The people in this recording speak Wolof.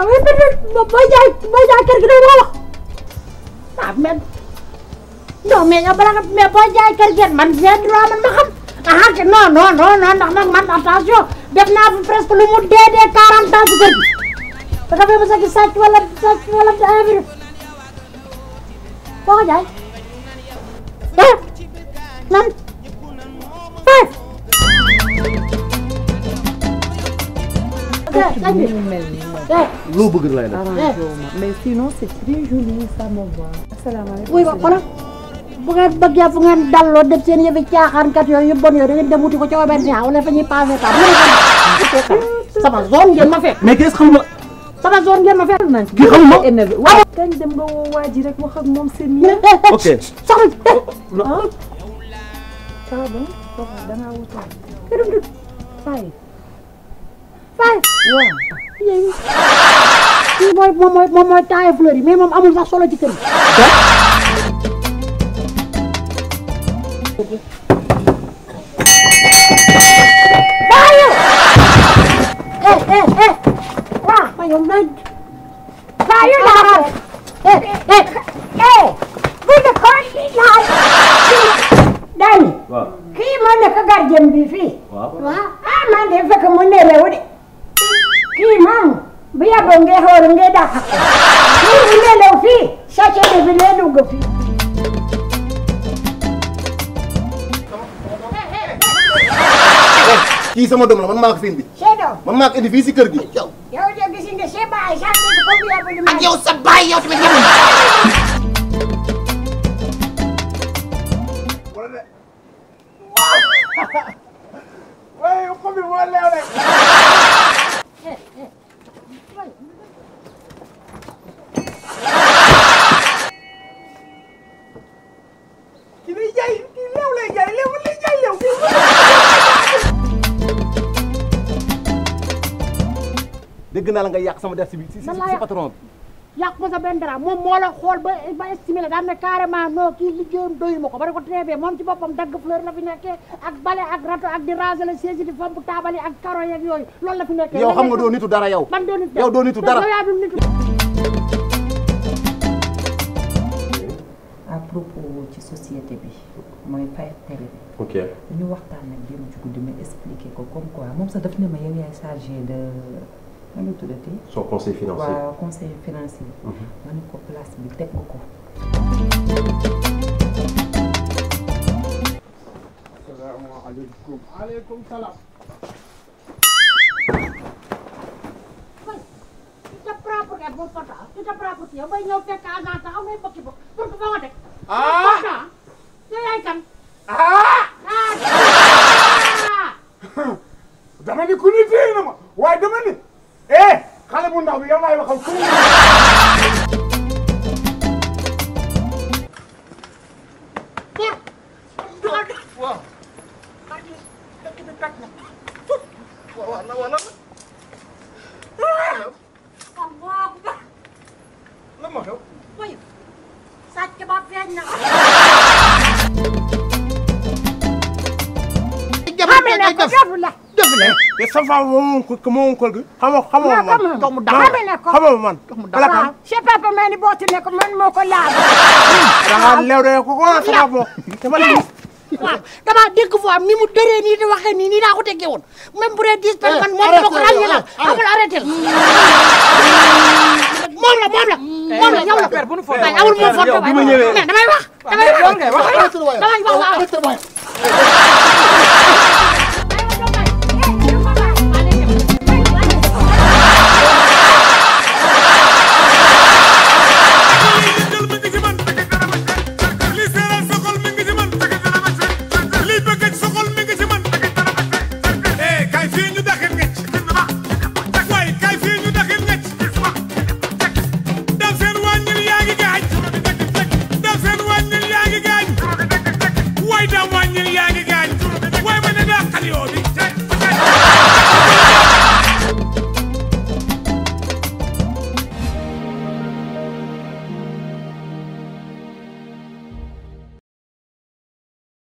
também vai já quer que não rola tá men não me abra me vai já quer que man já drama man kan? ah que No, no, no, nak, nak, man atraso deve na press pelo mundo de de caram tá tudo para ver você que sete wala sete wala é vir vai já não loo bëgg lay def ah, mais sinon c'est très joli ça me va. asalaamaaleykum. wuy ba xoolal bu ngeen bëggee fu ngeen dalloo def seen yëfi caaxaankat yooyu bon yooyu da ngeen dem wuti ko ca Obersia wala fa ñuy passé temps. sama zone ngeen ma fekk. mais kees xam nga. sama zone ngeen ma fekk. kii xam nga waaw. kañ dem nga woo waa ji rek wax ak moom seen mieux. Eh, eh, ok soxna. Oh, oh, ah pardon soxna da ngaa wutal. waaye waaw moom mooy moom mooy taille fleur moom amul sax solo ci kër nan biya bonge hor nge da ni ile fi laufi sace da bile fi eh, ki sama dom la man maa ko fi indi. man maa ko indi fii si gi. yow yow ya de gis nga Cheikh Ba ay sax ko yow sa baye yow tamit gënal nga yak sama dess bi ci ci patron bi yàq ma sa ben dara mom mo la xol ba ba estimer da na ne carrément non kii liggéeyam doy mako ba ko trébé mom ci bopam dag fleur la fi nekké ak balé ak rato ak di raser le siège di fomp tabali ak caro yak yoy lool la fi nekké yow xam nga do nitu dara yow man doo nitu yow do nitu dara à propos ci société bi moy fay télé ok ñu waxtaan nak dem ci guddi ma expliquer ko comme quoi mom sa daf ne ma yow yay chargé de mënu tuddati. son conseil financier waaw conseil financier. ma ne ko place bi teg ko ko. salaamaaleykum. maaleykum salaam. ah. ah. dama ni ku ni téye na ma waaye dama ni. eh xale bu ndaw bi yow laay waxal ku lan moo xew sàcc ba feeñ na te sa femme moomu ko moomu ko xamoo xamoo man xamoo xamoo man. waaw sa papa maa ni boo ci nekk man moo ko laal. da ngaa lew de ko wala sama bopp dama lii. waaw damaa dégg fois ni mu dëree nii di waxee nii nii laa ko teggee woon même bu dee dix eh, per man moom la ko ràññee la amul arrêté la. Eh. moom la moom la. Eh, moom la yow la waaye amul moom fort waaye mais damay wax. damay wax damay wax waaw.